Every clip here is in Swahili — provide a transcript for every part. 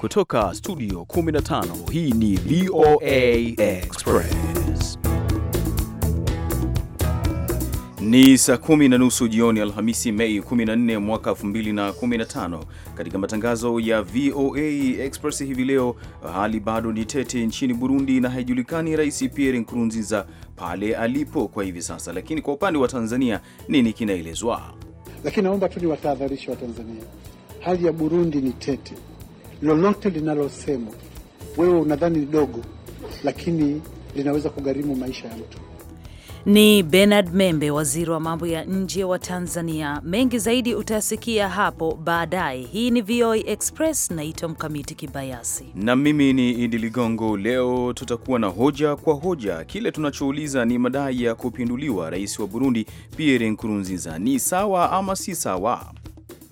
Kutoka studio 15 hii ni VOA Express. Ni saa kumi na nusu jioni Alhamisi, Mei 14 mwaka 2015. Katika matangazo ya VOA Express hivi leo, hali bado ni tete nchini Burundi na haijulikani Rais Pierre Nkurunziza pale alipo kwa hivi sasa, lakini kwa upande wa Tanzania nini kinaelezwa? Lakini naomba tu niwatahadharishe Watanzania, hali ya Burundi ni tete lolote linalosemwa wewe unadhani ni dogo, lakini linaweza kugharimu maisha ya mtu. Ni Bernard Membe, waziri wa mambo ya nje wa Tanzania. Mengi zaidi utayasikia hapo baadaye. Hii ni VOA Express, naitwa Mkamiti Kibayasi na mimi ni Idi Ligongo. Leo tutakuwa na hoja kwa hoja. Kile tunachouliza ni madai ya kupinduliwa rais wa Burundi Pierre Nkurunziza, ni sawa ama si sawa?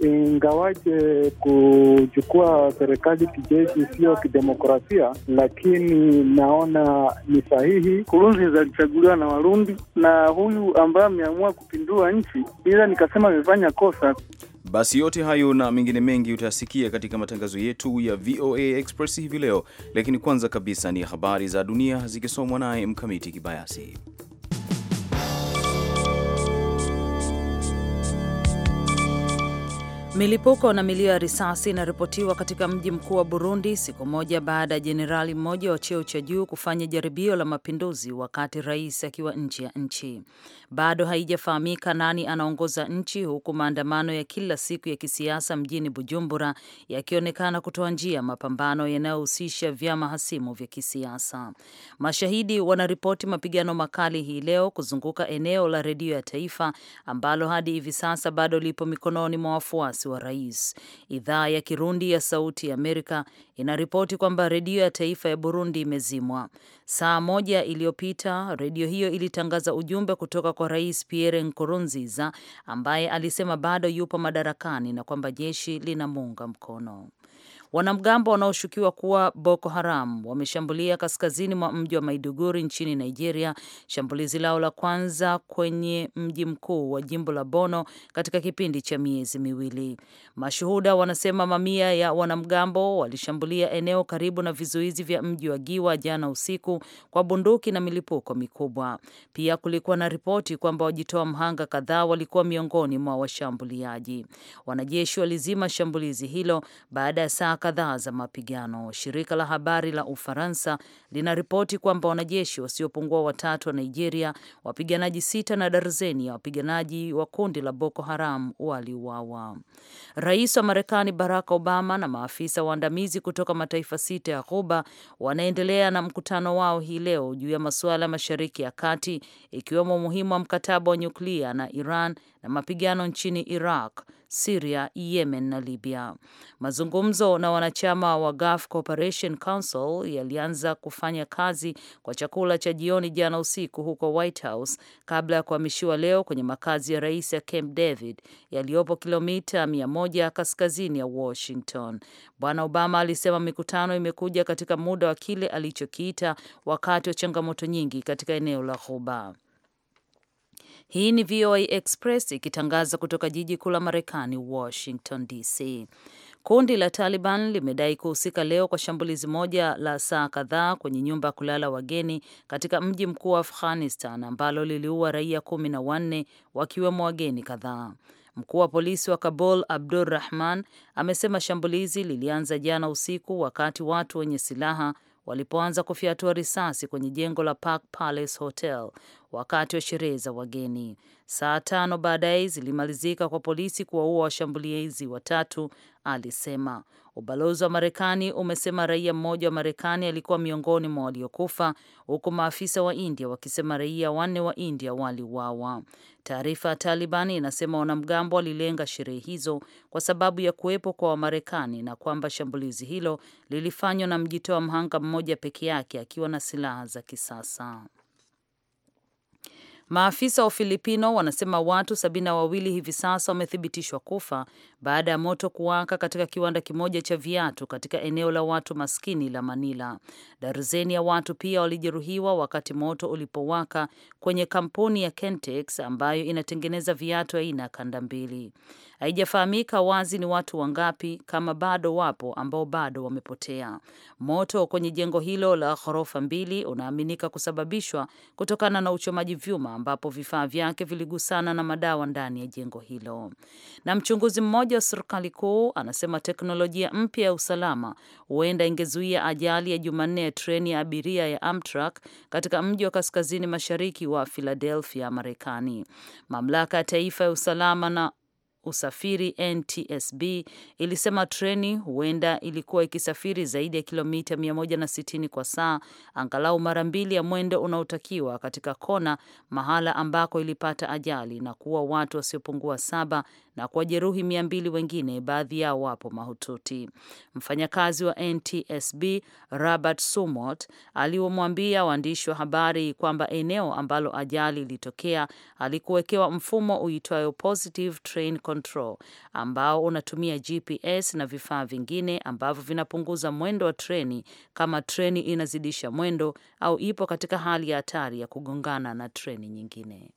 ingawaje kuchukua serikali kijeshi sio kidemokrasia, lakini naona ni sahihi. Kurunziza alichaguliwa na Warundi na huyu ambaye ameamua kupindua nchi, ila nikasema amefanya kosa. Basi yote hayo na mengine mengi utayasikia katika matangazo yetu ya VOA Express hivi leo, lakini kwanza kabisa ni habari za dunia zikisomwa naye Mkamiti Kibayasi. Milipuko na milio ya risasi inaripotiwa katika mji mkuu wa Burundi siku moja baada ya jenerali mmoja wa cheo cha juu kufanya jaribio la mapinduzi wakati rais akiwa nje ya nchi. Bado haijafahamika nani anaongoza nchi, huku maandamano ya kila siku ya kisiasa mjini Bujumbura yakionekana kutoa njia mapambano yanayohusisha vyama hasimu vya kisiasa. Mashahidi wanaripoti mapigano makali hii leo kuzunguka eneo la redio ya taifa ambalo hadi hivi sasa bado lipo mikononi mwa wafuasi wa rais. Idhaa ya Kirundi ya Sauti ya Amerika inaripoti kwamba redio ya taifa ya Burundi imezimwa. Saa moja iliyopita redio hiyo ilitangaza ujumbe kutoka kwa Rais Pierre Nkurunziza ambaye alisema bado yupo madarakani na kwamba jeshi linamuunga mkono. Wanamgambo wanaoshukiwa kuwa Boko Haram wameshambulia kaskazini mwa mji wa Maiduguri nchini Nigeria, shambulizi lao la kwanza kwenye mji mkuu wa jimbo la bono katika kipindi cha miezi miwili. Mashuhuda wanasema mamia ya wanamgambo walishambulia eneo karibu na vizuizi vya mji wa Giwa jana usiku kwa bunduki na milipuko mikubwa. Pia kulikuwa na ripoti kwamba wajitoa mhanga kadhaa walikuwa miongoni mwa washambuliaji. Wanajeshi walizima shambulizi hilo baada ya saa kadhaa za mapigano. Shirika la habari la Ufaransa linaripoti kwamba wanajeshi wasiopungua watatu wa Nigeria, wapiganaji sita na darzeni ya wapiganaji wa kundi la Boko Haram waliuawa. Rais wa Marekani Barack Obama na maafisa waandamizi kutoka mataifa sita ya Ghuba wanaendelea na mkutano wao hii leo juu ya masuala ya Mashariki ya Kati, ikiwemo umuhimu wa mkataba wa nyuklia na Iran na mapigano nchini Iraq Siria, Yemen na Libya. Mazungumzo na wanachama wa Gulf Cooperation Council yalianza kufanya kazi kwa chakula cha jioni jana usiku huko White House kabla ya kuhamishiwa leo kwenye makazi ya rais ya Camp David yaliyopo kilomita moja kaskazini ya Washington. Bwana Obama alisema mikutano imekuja katika muda wa kile alichokiita wakati wa changamoto nyingi katika eneo la Ghuba. Hii ni VOA Express ikitangaza kutoka jiji kuu la Marekani, Washington DC. Kundi la Taliban limedai kuhusika leo kwa shambulizi moja la saa kadhaa kwenye nyumba ya kulala wageni katika mji mkuu wa Afghanistan ambalo liliua raia kumi na wanne wakiwemo wageni kadhaa. Mkuu wa polisi wa Kabul Abdur Rahman amesema shambulizi lilianza jana usiku wakati watu wenye silaha walipoanza kufyatua risasi kwenye jengo la Park Palace Hotel wakati wa sherehe za wageni saa tano baadaye zilimalizika kwa polisi kuwaua washambulizi watatu, alisema. Ubalozi wa Marekani umesema raia mmoja wa Marekani alikuwa miongoni mwa waliokufa, huku maafisa wa India wakisema raia wanne wa India waliuawa. Taarifa ya Taliban inasema wanamgambo walilenga sherehe hizo kwa sababu ya kuwepo kwa Wamarekani na kwamba shambulizi hilo lilifanywa na mjitoa mhanga mmoja peke yake akiwa na silaha za kisasa. Maafisa wa Filipino wanasema watu sabini na wawili hivi sasa wamethibitishwa kufa baada ya moto kuwaka katika kiwanda kimoja cha viatu katika eneo la watu maskini la Manila. Darzeni ya watu pia walijeruhiwa wakati moto ulipowaka kwenye kampuni ya Kentex ambayo inatengeneza viatu aina ya kanda mbili. Haijafahamika wazi ni watu wangapi, kama bado wapo ambao bado wamepotea. Moto kwenye jengo hilo la ghorofa mbili unaaminika kusababishwa kutokana na uchomaji vyuma, ambapo vifaa vyake viligusana na madawa ndani ya jengo hilo. Na mchunguzi mmoja wa serikali kuu anasema teknolojia mpya ya usalama huenda ingezuia ajali ya Jumanne ya treni ya abiria ya Amtrak katika mji wa kaskazini mashariki wa Philadelphia, Marekani. Mamlaka ya Taifa ya Usalama na usafiri NTSB ilisema treni huenda ilikuwa ikisafiri zaidi ya kilomita 160 kwa saa, angalau mara mbili ya mwendo unaotakiwa katika kona, mahala ambako ilipata ajali na kuwa watu wasiopungua saba na kuwajeruhi mia mbili wengine, baadhi yao wapo mahututi. Mfanyakazi wa NTSB Robert Sumot aliwamwambia waandishi wa habari kwamba eneo ambalo ajali ilitokea alikuwekewa mfumo uitwayo positive train Control ambao unatumia GPS na vifaa vingine ambavyo vinapunguza mwendo wa treni kama treni inazidisha mwendo au ipo katika hali ya hatari ya kugongana na treni nyingine.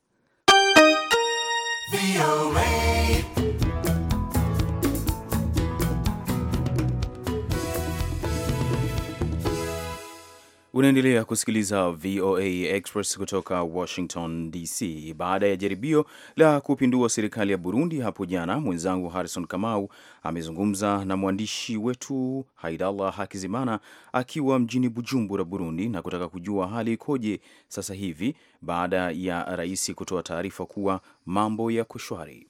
Unaendelea kusikiliza VOA Express kutoka Washington DC. Baada ya jaribio la kupindua serikali ya Burundi hapo jana, mwenzangu Harrison Kamau amezungumza na mwandishi wetu Haidallah Hakizimana akiwa mjini Bujumbura, Burundi, na kutaka kujua hali ikoje sasa hivi baada ya rais kutoa taarifa kuwa mambo yako shwari.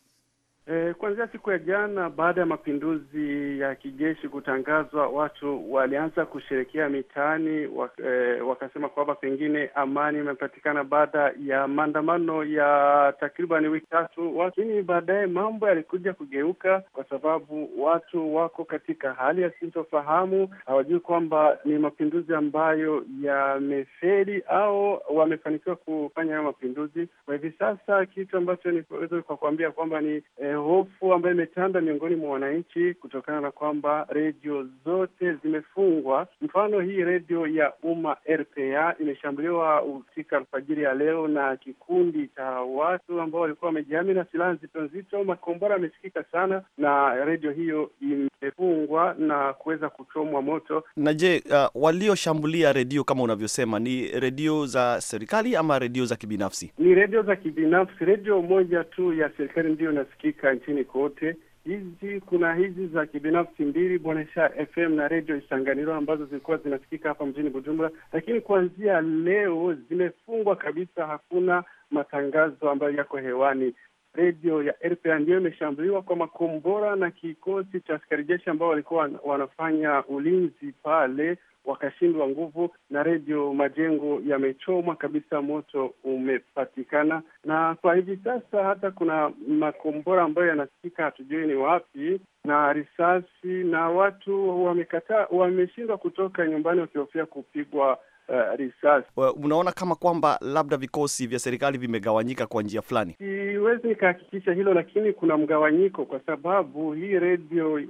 E, kuanzia siku ya jana baada ya mapinduzi ya kijeshi kutangazwa, watu walianza kusherekea mitaani wak, e, wakasema kwamba pengine amani imepatikana baada ya maandamano ya takriban wiki tatu, lakini baadaye mambo yalikuja kugeuka, kwa sababu watu wako katika hali ya sintofahamu, hawajui kwamba ni mapinduzi ambayo yamefeli au wamefanikiwa kufanya hayo mapinduzi. Kwa hivi sasa kitu ambacho niweza kwa kuambia kwamba ni e, hofu ambayo imetanda miongoni mwa wananchi kutokana na kwamba redio zote zimefungwa. Mfano, hii redio ya umma RPA imeshambuliwa usiku alfajiri ya leo na kikundi cha watu ambao walikuwa wamejihami na silaha nzito nzito. Makombora yamesikika sana na redio hiyo ime imefungwa na kuweza kuchomwa moto. Na je, uh, walioshambulia redio kama unavyosema ni redio za serikali ama redio za kibinafsi? Ni redio za kibinafsi. Redio moja tu ya serikali ndiyo inasikika nchini kote. Hizi kuna hizi za kibinafsi mbili, Bonesha FM na redio Isanganiro ambazo zilikuwa zinasikika hapa mjini Bujumbura, lakini kuanzia leo zimefungwa kabisa. Hakuna matangazo ambayo yako hewani redio ya RPA ndiyo imeshambuliwa kwa makombora na kikosi cha askari jeshi ambao walikuwa wanafanya ulinzi pale, wakashindwa nguvu na redio, majengo yamechomwa kabisa, moto umepatikana. Na kwa hivi sasa hata kuna makombora ambayo yanasikika, hatujui ni wapi, na risasi, na watu wamekataa, wameshindwa kutoka nyumbani wakihofia kupigwa uh, risasi. Unaona kama kwamba labda vikosi vya serikali vimegawanyika kwa njia fulani? Siwezi ikahakikisha hilo, lakini kuna mgawanyiko kwa sababu hii redio eh,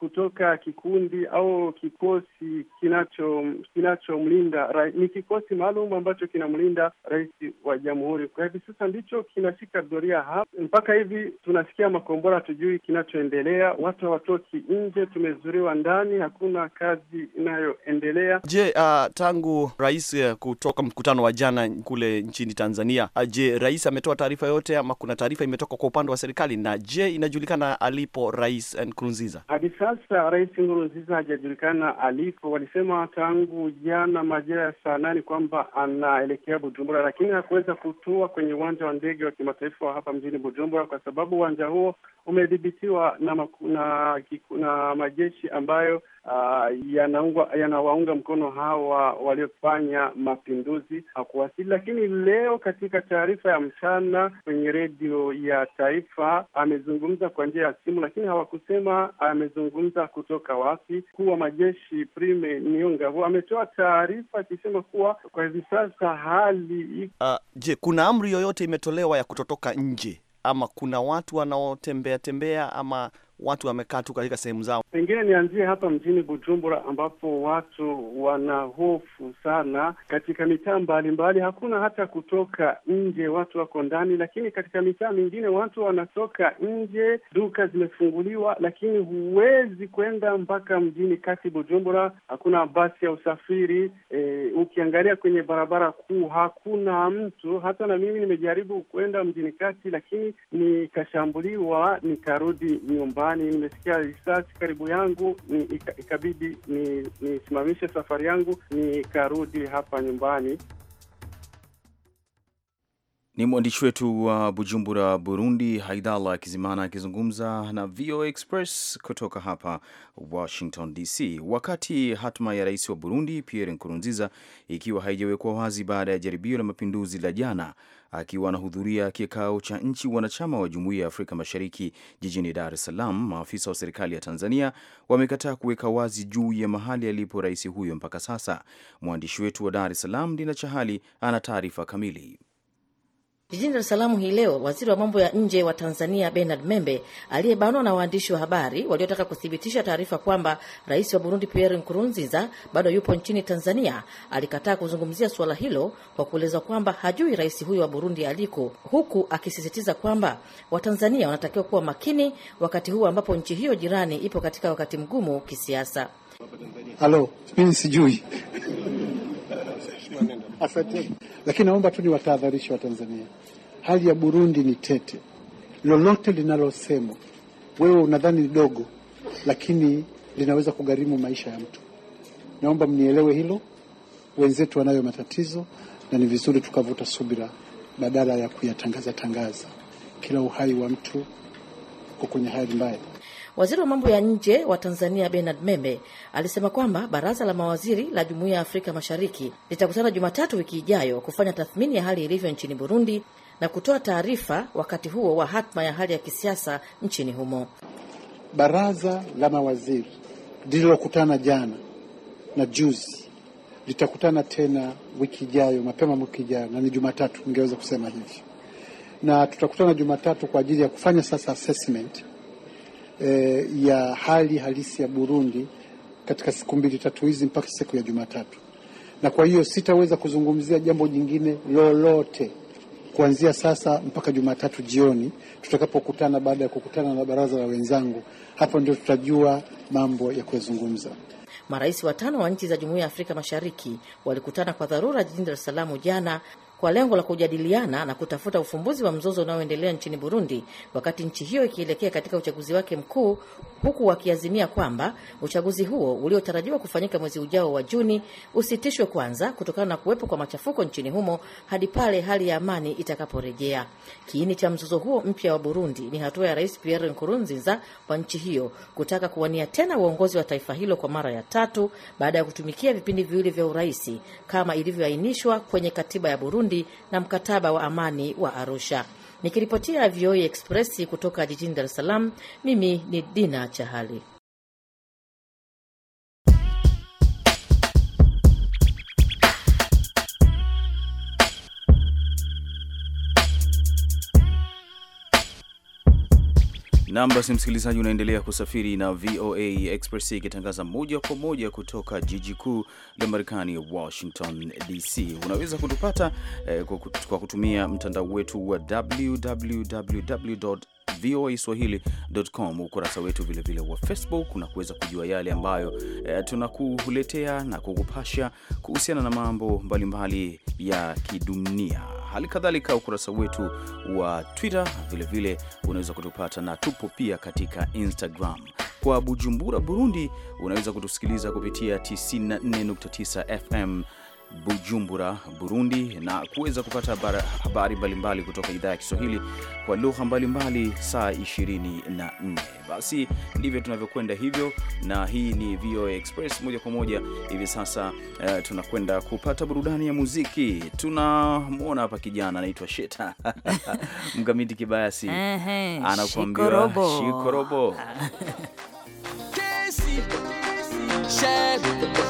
kutoka kikundi au kikosi kinachomlinda kinacho ni kikosi maalum ambacho kinamlinda rais wa jamhuri. Kwa hivi sasa ndicho kinashika doria hapa. Mpaka hivi tunasikia makombora, hatujui kinachoendelea, watu hawatoki nje, tumezuriwa ndani, hakuna kazi inayoendelea. Je, uh, tangu rais eh, kutoka mkutano wa jana kule nchini Tanzania, ah, je, rais ametoa taarifa yote ama kuna taarifa imetoka kwa upande wa serikali? Na je, inajulikana alipo rais eh, Nkurunziza hadi sasa? sasa Rais Nkurunziza hajajulikana alipo. Walisema tangu jana majira ya saa nane kwamba anaelekea Bujumbura, lakini hakuweza kutua kwenye uwanja wa ndege wa kimataifa wa hapa mjini Bujumbura kwa sababu uwanja huo umedhibitiwa na, na, na majeshi ambayo uh, yanawaunga yana mkono hawa waliofanya mapinduzi hakuwasili. Lakini leo katika taarifa ya mchana kwenye redio ya taifa amezungumza kwa njia ya simu, lakini hawakusema amezungumza kutoka wapi. kuu wa majeshi Prime Niyongabo ametoa taarifa akisema kuwa kwa hivi sasa hali uh, je, kuna amri yoyote imetolewa ya kutotoka nje ama kuna watu wanaotembea tembea ama watu wamekaa tu katika sehemu zao. Pengine nianzie hapa mjini Bujumbura, ambapo watu wana hofu sana katika mitaa mbalimbali, hakuna hata kutoka nje, watu wako ndani. Lakini katika mitaa mingine watu wanatoka nje, duka zimefunguliwa, lakini huwezi kwenda mpaka mjini kati Bujumbura, hakuna basi ya usafiri. E, ukiangalia kwenye barabara kuu hakuna mtu. Hata na mimi nimejaribu kwenda mjini kati, lakini nikashambuliwa, nikarudi nyumbani yaani nimesikia risasi karibu yangu ni, ikabidi nisimamishe ni safari yangu nikarudi hapa nyumbani. Ni mwandishi wetu wa Bujumbura, Burundi, Haidhallah Kizimana akizungumza na VOA Express kutoka hapa Washington DC. Wakati hatma ya rais wa Burundi Pierre Nkurunziza ikiwa haijawekwa wazi baada ya jaribio la mapinduzi la jana akiwa anahudhuria kikao cha nchi wanachama wa Jumuiya ya Afrika Mashariki jijini Dar es Salaam, maafisa wa serikali ya Tanzania wamekataa kuweka wazi juu ya mahali alipo rais huyo mpaka sasa. Mwandishi wetu wa Dar es Salaam, Dina Chahali, ana taarifa kamili. Jijini Dar es Salaam hii leo, waziri wa mambo ya nje wa Tanzania Bernard Membe aliyebanwa na waandishi wa habari waliotaka kuthibitisha taarifa kwamba rais wa Burundi Pierre Nkurunziza bado yupo nchini Tanzania alikataa kuzungumzia suala hilo kwa kuelezwa kwamba hajui rais huyo wa Burundi aliko, huku akisisitiza kwamba Watanzania wanatakiwa kuwa makini wakati huu ambapo nchi hiyo jirani ipo katika wakati mgumu kisiasa. Halo, mimi sijui Asante. Lakini naomba tu niwatahadharishe Watanzania, hali ya Burundi ni tete. Lolote linalosemwa, wewe unadhani ni dogo, lakini linaweza kugharimu maisha ya mtu. Naomba mnielewe hilo. Wenzetu wanayo matatizo, na ni vizuri tukavuta subira badala ya kuyatangaza tangaza. Kila uhai wa mtu uko kwenye hali mbaya. Waziri wa mambo ya nje wa Tanzania Bernard Membe alisema kwamba baraza la mawaziri la Jumuiya ya Afrika Mashariki litakutana Jumatatu wiki ijayo kufanya tathmini ya hali ilivyo nchini Burundi na kutoa taarifa wakati huo wa hatma ya hali ya kisiasa nchini humo. Baraza la mawaziri lililokutana jana na juzi litakutana tena wiki ijayo, mapema wiki ijayo, na ni Jumatatu, ningeweza kusema hivyo, na tutakutana Jumatatu kwa ajili ya kufanya sasa assessment e, ya hali halisi ya Burundi katika siku mbili tatu hizi mpaka siku ya Jumatatu, na kwa hiyo sitaweza kuzungumzia jambo jingine lolote kuanzia sasa mpaka Jumatatu jioni tutakapokutana, baada ya kukutana na baraza la wenzangu. Hapo ndio tutajua mambo ya kuyazungumza. Marais watano wa nchi za Jumuiya ya Afrika Mashariki walikutana kwa dharura jijini Dar es Salaam jana kwa lengo la kujadiliana na kutafuta ufumbuzi wa mzozo unaoendelea nchini Burundi wakati nchi hiyo ikielekea katika uchaguzi wake mkuu, huku wakiazimia kwamba uchaguzi huo uliotarajiwa kufanyika mwezi ujao wa Juni usitishwe kwanza kutokana na kuwepo kwa machafuko nchini humo hadi pale hali ya amani itakaporejea. Kiini cha mzozo huo mpya wa Burundi ni hatua ya Rais Pierre Nkurunziza wa nchi hiyo kutaka kuwania tena uongozi wa taifa hilo kwa mara ya tatu baada ya kutumikia vipindi viwili vya uraisi kama ilivyoainishwa kwenye katiba ya Burundi Burundi na mkataba wa amani wa Arusha. Nikiripotia VOA Express kutoka jijini Dar es Salaam, mimi ni Dina Chahali. Nam, basi msikilizaji, unaendelea kusafiri na VOA Express ikitangaza moja kwa moja kutoka jiji kuu la Marekani, Washington DC. Unaweza kutupata eh, kwa kutumia mtandao wetu wa www voa swahilicom ukurasa wetu vilevile wa Facebook, na kuweza kujua yale ambayo eh, tunakuletea na kukupasha kuhusiana na mambo mbalimbali ya kidunia. Hali kadhalika ukurasa wetu wa Twitter vilevile unaweza kutupata, na tupo pia katika Instagram. Kwa Bujumbura, Burundi, unaweza kutusikiliza kupitia 94.9 FM Bujumbura, Burundi, na kuweza kupata habari mbalimbali kutoka idhaa ya Kiswahili kwa lugha mbalimbali saa 24. Basi ndivyo tunavyokwenda hivyo, na hii ni VOA Express moja kwa moja hivi sasa. Uh, tunakwenda kupata burudani ya muziki. Tunamwona hapa kijana anaitwa Sheta Mkamiti Kibayasi anakuambia shikorobo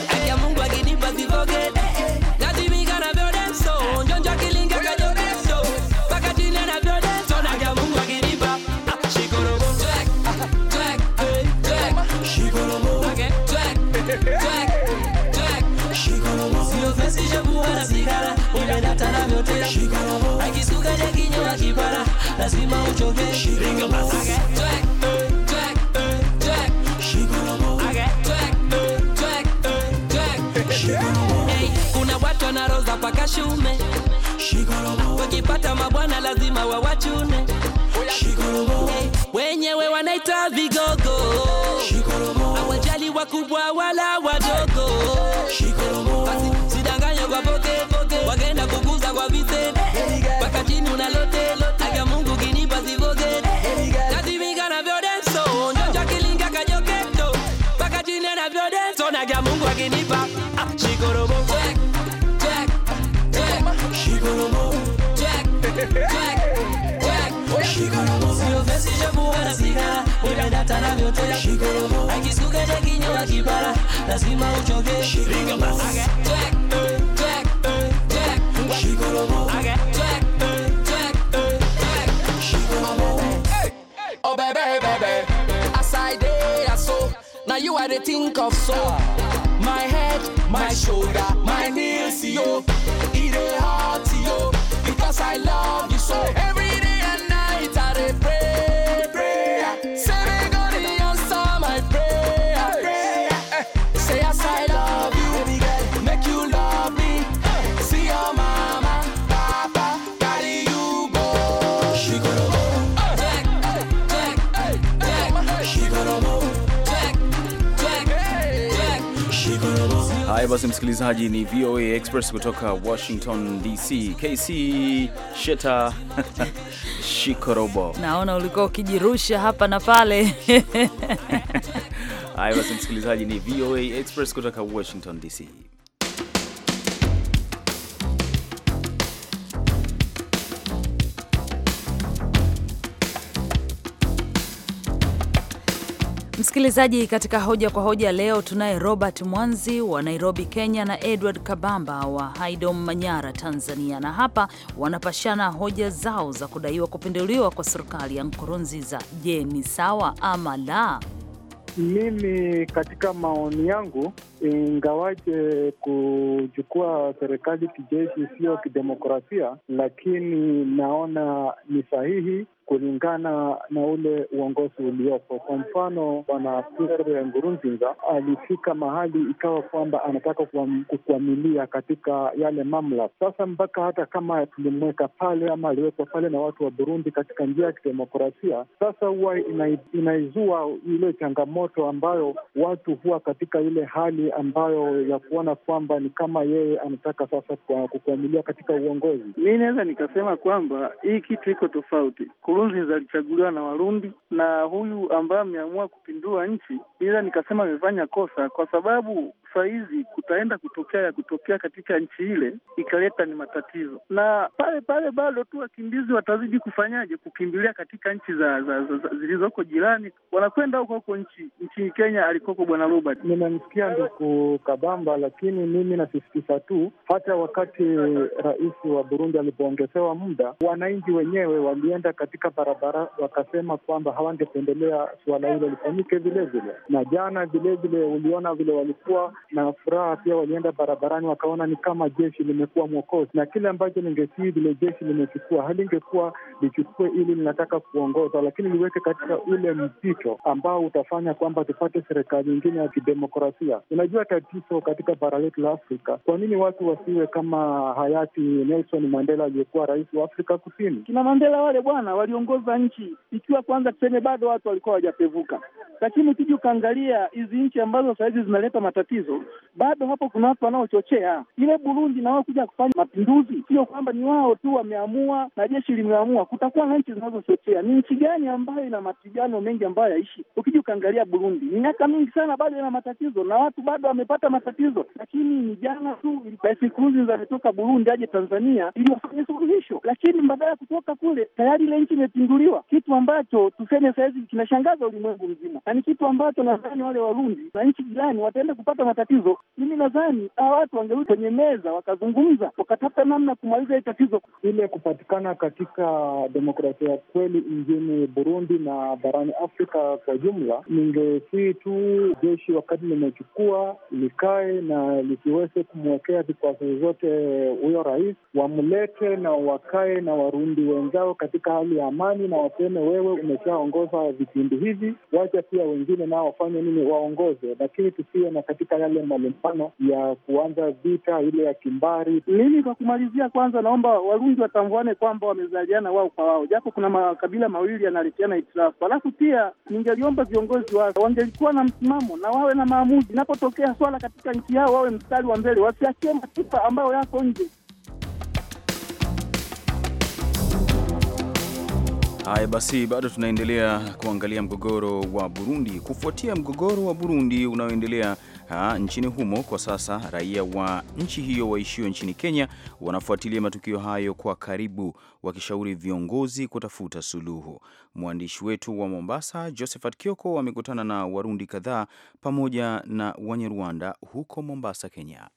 forget. That we me gonna build them so. John Jackie Linga can do them so. them so. gonna ah, She gonna move. again, twerk, She gonna move. Okay. Twerk, She gonna move. Si ofensi je buwa na sigara, na vyote. She gonna move. Akisuka je kinywa kipara, lazima uchoke. She gonna move. iko na roza paka shume wakipata mabwana lazima wawachune wenyewe wanaita vigogo awajali wakubwa wala wadogo Shikorobo. anavyotea akisuka cha kinywa kipara lazima uchoke Oh baby, baby, as I day, I so now you are the think of so. My head, my shoulder, my knees, yo, it hurts, yo because I love you so every day. Haya basi, msikilizaji, ni VOA Express kutoka Washington DC. KC Sheta Shikorobo, naona ulikuwa ukijirusha hapa na pale. Haya basi, msikilizaji, ni VOA Express kutoka Washington DC. Msikilizaji, katika hoja kwa hoja leo tunaye Robert Mwanzi wa Nairobi, Kenya na Edward Kabamba wa Haidom, Manyara, Tanzania, na hapa wanapashana hoja zao za kudaiwa kupinduliwa kwa serikali ya Nkurunziza. Je, ni sawa ama la? Mimi katika maoni yangu, ingawaje kuchukua serikali kijeshi sio kidemokrasia, lakini naona ni sahihi kulingana na ule uongozi uliopo. Kwa mfano, bwana Pierre ngurunzinza alifika mahali ikawa kwamba anataka kukwamilia katika yale mamlaka. Sasa mpaka hata kama tulimweka pale ama aliwekwa pale na watu wa Burundi katika njia ya kidemokrasia, sasa huwa inaizua ile changamoto ambayo watu huwa katika ile hali ambayo ya kuona kwamba ni kama yeye anataka sasa kukwamilia katika uongozi. Mi naweza nikasema kwamba hii kitu iko tofauti Kuru Nkurunziza alichaguliwa na Warundi, na huyu ambaye ameamua kupindua nchi, ila nikasema amefanya kosa, kwa sababu sahizi kutaenda kutokea ya kutokea katika nchi ile ikaleta ni matatizo, na pale pale bado tu wakimbizi watazidi kufanyaje, kukimbilia katika nchi za, za, za, za zilizoko jirani, wanakwenda huko huko nchi nchini Kenya alikoko Bwana Robert. Nimemsikia ndugu Kabamba, lakini mimi nasisitiza tu, hata wakati rais wa Burundi alipoongezewa muda, wananchi wenyewe walienda katika katika barabara wakasema kwamba hawangependelea suala hilo lifanyike vilevile. Na jana vilevile uliona vile walikuwa na furaha pia, walienda barabarani wakaona ni kama jeshi limekuwa mwokozi, na kile ambacho ningesii vile jeshi limechukua halingekuwa lichukue ili linataka kuongoza, lakini liweke katika ule mpito ambao utafanya kwamba tupate serikali nyingine ya kidemokrasia. Unajua tatizo katika bara letu la Afrika, kwa nini watu wasiwe kama hayati Nelson Mandela aliyekuwa rais wa Afrika Kusini? Kina Mandela wale bwana wali waliongoza nchi, ikiwa kwanza tuseme bado watu walikuwa hawajapevuka. Lakini ukija ukaangalia hizi nchi ambazo sahizi zinaleta matatizo, bado hapo kuna watu wanaochochea. Ile Burundi na wao kuja kufanya mapinduzi, sio kwamba ni wao tu wameamua na jeshi limeamua. Kutakuwa na nchi zinazochochea. Ni nchi gani ambayo ina mapigano mengi ambayo yaishi? Ukija ukaangalia Burundi ni miaka mingi sana bado ina matatizo na watu bado wamepata matatizo, lakini ni jana tu Rais Nkurunziza ametoka Burundi aje Tanzania ili wafanye suluhisho, lakini badala ya kutoka kule tayari ile nchi imepinduliwa, kitu ambacho tuseme sahizi kinashangaza ulimwengu mzima, na ni kitu ambacho nadhani wale Warundi na nchi jirani wataenda kupata matatizo. Mimi nadhani hawa watu wangerudi kwenye meza, wakazungumza, wakatafuta namna kumaliza hili tatizo. Ile kupatikana katika demokrasia ya kweli nchini Burundi na barani Afrika kwa jumla, ningesii tu jeshi wakati limechukua likae na lisiweze kumwekea vikwazo zote huyo rais, wamlete na wakae na Warundi wenzao katika hali ya amani na waseme, wewe umeshaongoza vipindi hivi, wacha pia wengine nao wafanye nini, waongoze, lakini tusiwe na katika yale malumbano ya kuanza vita ile ya kimbari. Mimi kwa kumalizia, kwanza naomba Warundi watambuane kwamba wamezaliana wao kwa wao, japo kuna makabila mawili yanaletiana itilafu. Alafu pia ningeliomba viongozi wake wangelikuwa na msimamo na wawe na maamuzi, inapotokea swala katika nchi yao wawe mstari wa mbele, wasiachie mataifa ambayo yako nje. Haya basi, bado tunaendelea kuangalia mgogoro wa Burundi. Kufuatia mgogoro wa Burundi unaoendelea nchini humo kwa sasa, raia wa nchi hiyo waishio nchini Kenya wanafuatilia matukio hayo kwa karibu, wakishauri viongozi kutafuta suluhu. Mwandishi wetu wa Mombasa, Josephat Kioko, amekutana na Warundi kadhaa pamoja na Wanyarwanda huko Mombasa, Kenya.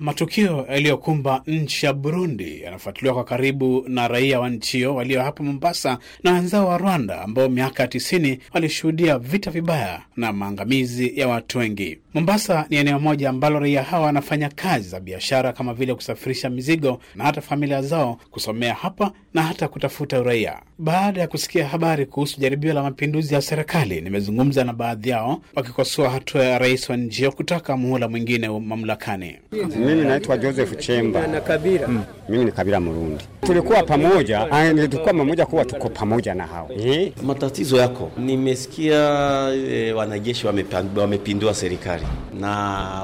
Matukio yaliyokumba nchi ya Burundi yanafuatiliwa kwa karibu na raia wa nchi hiyo walio hapa Mombasa na wenzao wa Rwanda ambao miaka ya tisini walishuhudia vita vibaya na maangamizi ya watu wengi. Mombasa ni eneo moja ambalo raia hawa wanafanya kazi za biashara kama vile kusafirisha mizigo na hata familia zao kusomea hapa na hata kutafuta uraia. Baada ya kusikia habari kuhusu jaribio la mapinduzi ya serikali, nimezungumza na baadhi yao wakikosoa hatua ya rais wa nchi hiyo kutaka muhula mwingine mamlakani. Mimi naitwa Joseph Chemba na Kabila. Hmm. Mimi ni Kabila Murundi. Tulikuwa pamoja, ah, tulikuwa pamoja kuwa tuko pamoja na hao. Eh? Matatizo yako. Nimesikia e, wanajeshi wamepindua serikali na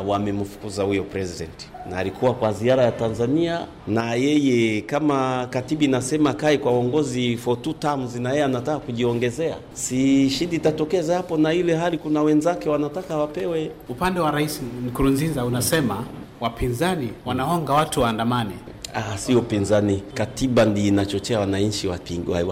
wamemfukuza huyo president. Na alikuwa kwa ziara ya Tanzania na yeye kama katibi nasema kai kwa uongozi for two terms na yeye anataka kujiongezea. Si shida itatokeza hapo na ile hali kuna wenzake wanataka wapewe. Upande wa Rais Nkurunziza unasema wapinzani wanaonga watu waandamane. Ah, sio upinzani. Katiba ndi inachochea wananchi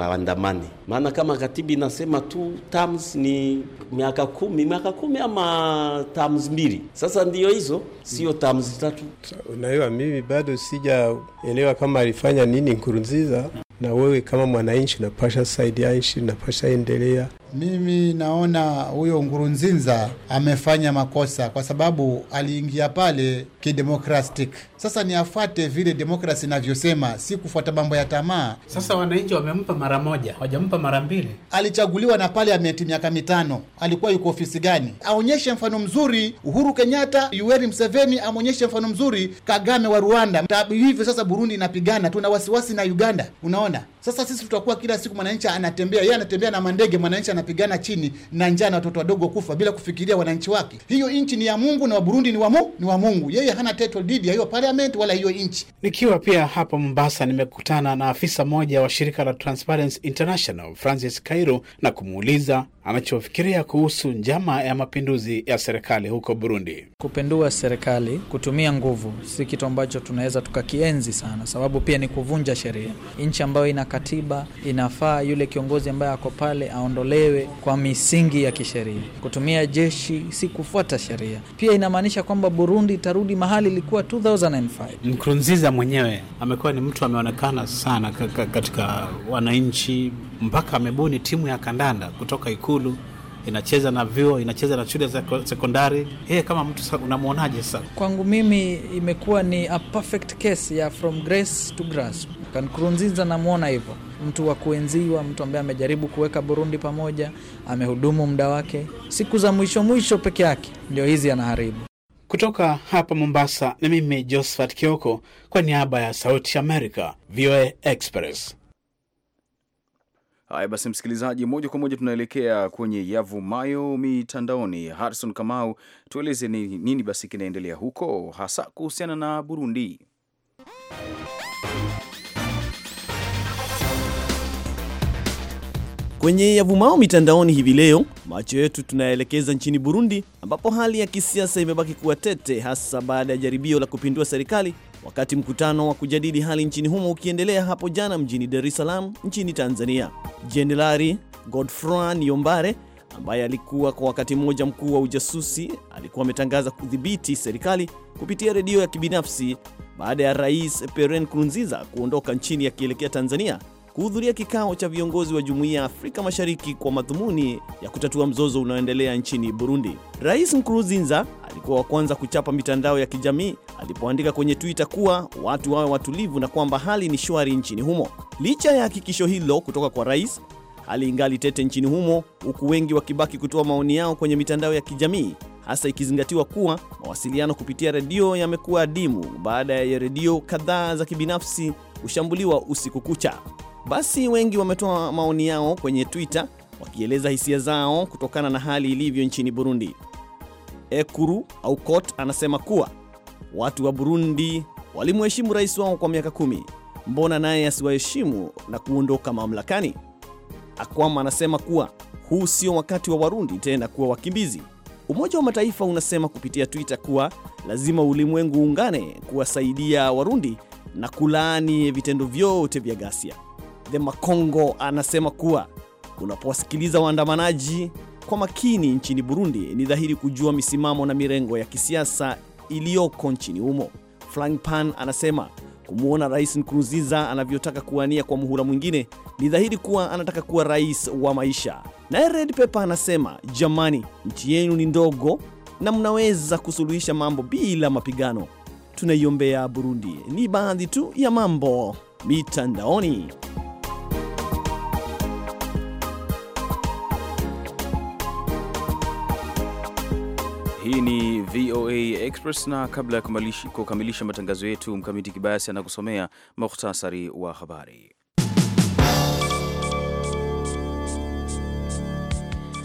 waandamane wa, wa maana kama katiba inasema tu terms ni miaka kumi, miaka kumi ama terms mbili. Sasa ndiyo hizo, sio terms tatu. Unaiwa, mimi bado sijaelewa kama alifanya nini Nkurunziza na wewe kama mwananchi unapasha saidia nchi, unapasha endelea mimi naona huyo Ngurunzinza amefanya makosa kwa sababu aliingia pale kidemokratic. Sasa ni afuate vile demokrasi inavyosema, si kufuata mambo ya tamaa. Sasa wananchi wamempa mara moja, hawajampa mara mbili. Alichaguliwa na pale ameti miaka mitano, alikuwa yuko ofisi gani? Aonyeshe mfano mzuri. Uhuru Kenyatta, Yoweri Museveni amonyeshe mfano mzuri. Kagame wa Rwanda. Hivyo sasa Burundi inapigana, tuna wasiwasi na Uganda, unaona sasa sisi tutakuwa kila siku mwananchi anatembea, yeye anatembea na mandege, mwananchi anapigana chini na njaa na watoto wadogo kufa bila kufikiria wananchi wake. Hiyo nchi ni ya Mungu na Waburundi ni wa mu, ni wa Mungu. Yeye hana title deed ya hiyo parliament wala hiyo nchi. Nikiwa pia hapa Mombasa, nimekutana na afisa mmoja wa shirika la Transparency International, Francis Cairo, na kumuuliza anachofikiria kuhusu njama ya mapinduzi ya serikali huko Burundi. Kupindua serikali kutumia nguvu si kitu ambacho tunaweza tukakienzi sana, sababu pia ni kuvunja sheria. Nchi ambayo ina katiba inafaa yule kiongozi ambaye ako pale aondolewe kwa misingi ya kisheria. Kutumia jeshi si kufuata sheria, pia inamaanisha kwamba Burundi itarudi mahali ilikuwa 2005. Nkurunziza mwenyewe amekuwa ni mtu ameonekana sana katika wananchi, mpaka amebuni timu ya kandanda kutoka iku Ikulu inacheza na vyuo, inacheza na shule za sekondari. Yeye kama mtu unamwonaje? Sasa kwangu mimi imekuwa ni a perfect case ya from grace to grass. namwona hivyo, mtu wa kuenziwa, mtu ambaye amejaribu kuweka Burundi pamoja, amehudumu muda wake, siku za mwisho mwisho peke yake ndio hizi anaharibu. Kutoka hapa Mombasa, ni mimi Josephat Kioko kwa niaba ya Sauti America, VOA Express. Haya basi, msikilizaji, moja kwa moja tunaelekea kwenye yavumayo mitandaoni. Harrison Kamau, tueleze ni nini basi kinaendelea huko hasa kuhusiana na Burundi? Kwenye yavumao mitandaoni hivi leo, macho yetu tunaelekeza nchini Burundi ambapo hali ya kisiasa imebaki kuwa tete, hasa baada ya jaribio la kupindua serikali wakati mkutano wa kujadili hali nchini humo ukiendelea hapo jana mjini Dar es Salaam nchini Tanzania. Jenerali godfroi Niyombare ambaye alikuwa kwa wakati mmoja mkuu wa ujasusi alikuwa ametangaza kudhibiti serikali kupitia redio ya kibinafsi baada ya Rais Pierre Nkurunziza kuondoka nchini akielekea Tanzania kuhudhuria kikao cha viongozi wa Jumuiya ya Afrika Mashariki kwa madhumuni ya kutatua mzozo unaoendelea nchini Burundi. Rais Nkurunziza alikuwa wa kwanza kuchapa mitandao ya kijamii alipoandika kwenye Twitter kuwa watu wawe watulivu na kwamba hali ni shwari nchini humo. Licha ya hakikisho hilo kutoka kwa rais, hali ingali tete nchini humo, huku wengi wakibaki kutoa maoni yao kwenye mitandao ya kijamii hasa ikizingatiwa kuwa mawasiliano kupitia redio yamekuwa adimu baada ya redio kadhaa za kibinafsi kushambuliwa usiku kucha. Basi wengi wametoa maoni yao kwenye Twitter wakieleza hisia zao kutokana na hali ilivyo nchini Burundi. Ekuru au Kot anasema kuwa watu wa Burundi walimheshimu rais wao kwa miaka kumi, mbona naye asiwaheshimu na kuondoka mamlakani? Akwama anasema kuwa huu sio wakati wa Warundi tena kuwa wakimbizi. Umoja wa Mataifa unasema kupitia Twitter kuwa lazima ulimwengu uungane kuwasaidia Warundi na kulaani vitendo vyote vya ghasia. The Makongo anasema kuwa unapowasikiliza waandamanaji kwa makini nchini Burundi ni dhahiri kujua misimamo na mirengo ya kisiasa iliyoko nchini humo. Flangpan anasema kumwona Rais Nkurunziza anavyotaka kuwania kwa muhula mwingine ni dhahiri kuwa anataka kuwa rais wa maisha. Naye Red Pepper anasema jamani, nchi yenu ni ndogo na mnaweza kusuluhisha mambo bila mapigano. Tunaiombea Burundi. Ni baadhi tu ya mambo mitandaoni. Hii ni VOA Express, na kabla ya kukamilisha matangazo yetu, Mkamiti Kibayasi anakusomea muhtasari wa habari.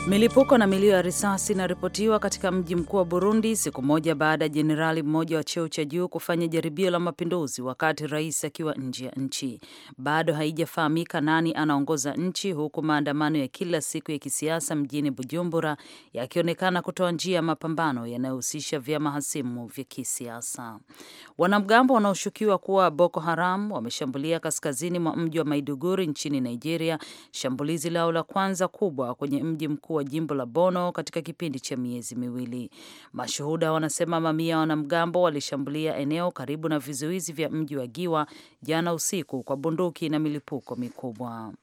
Milipuko na milio ya risasi inaripotiwa katika mji mkuu wa Burundi siku moja baada ya jenerali mmoja wa cheo cha juu kufanya jaribio la mapinduzi wakati rais akiwa nje ya nchi. Bado haijafahamika nani anaongoza nchi, huku maandamano ya kila siku ya kisiasa mjini Bujumbura yakionekana kutoa njia ya mapambano yanayohusisha vyama hasimu vya kisiasa. Wanamgambo wanaoshukiwa kuwa Boko Haram wameshambulia kaskazini mwa mji wa Maiduguri nchini Nigeria, shambulizi lao la kwanza kubwa kwenye mji mkuu wa jimbo la Bono katika kipindi cha miezi miwili. Mashuhuda wanasema mamia wanamgambo walishambulia eneo karibu na vizuizi vya mji wa Giwa jana usiku kwa bunduki na milipuko mikubwa.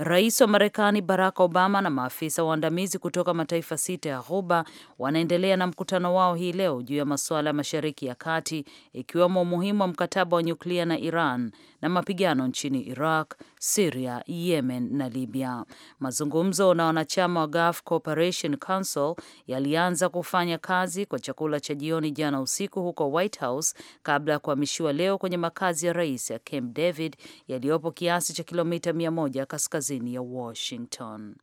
Rais wa Marekani Barack Obama na maafisa waandamizi kutoka mataifa sita ya Ghuba wanaendelea na mkutano wao hii leo juu ya masuala ya Mashariki ya Kati, ikiwemo umuhimu wa mkataba wa nyuklia na Iran na mapigano nchini Iraq, Siria, Yemen na Libya. Mazungumzo na wanachama wa Gulf Cooperation Council yalianza kufanya kazi kwa chakula cha jioni jana usiku huko White House kabla ya kuhamishiwa leo kwenye makazi ya rais ya Camp David yaliyopo kiasi cha kilomita 1 kaskazini kaskazini ya Washington.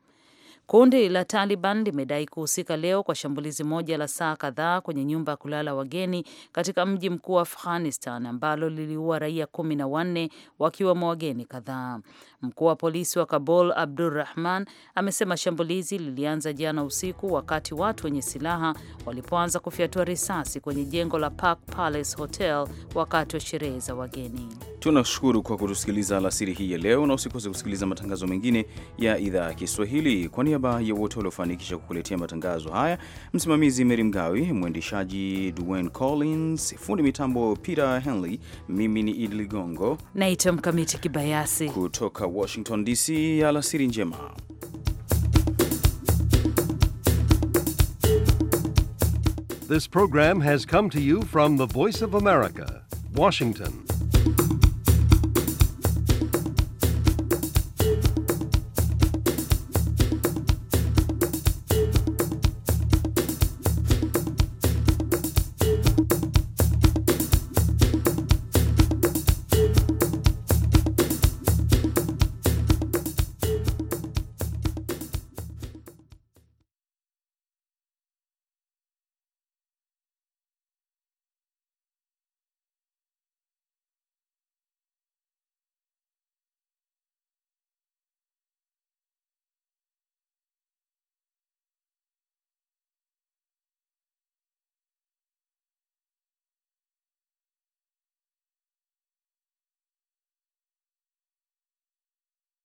Kundi la Taliban limedai kuhusika leo kwa shambulizi moja la saa kadhaa kwenye nyumba ya kulala wageni katika mji mkuu wa Afghanistan ambalo liliua raia kumi na wanne wakiwemo wageni kadhaa. Mkuu wa polisi wa Kabul abdurahman amesema shambulizi lilianza jana usiku wakati watu wenye silaha walipoanza kufyatua risasi kwenye jengo la Park Palace Hotel wakati wa sherehe za wageni. Tunashukuru kwa kutusikiliza alasiri hii ya leo, na usikose kusikiliza matangazo mengine ya idhaa ya Kiswahili. Kwa niaba ya wote waliofanikisha kukuletea matangazo haya, msimamizi Meri Mgawi, mwendeshaji Dwayne Collins, fundi mitambo Peter Henley, mimi ni Idi Ligongo naitwa Mkamiti Kibayasi kutoka Washington DC, alasiri njema. This program has come to you from the Voice of America, Washington.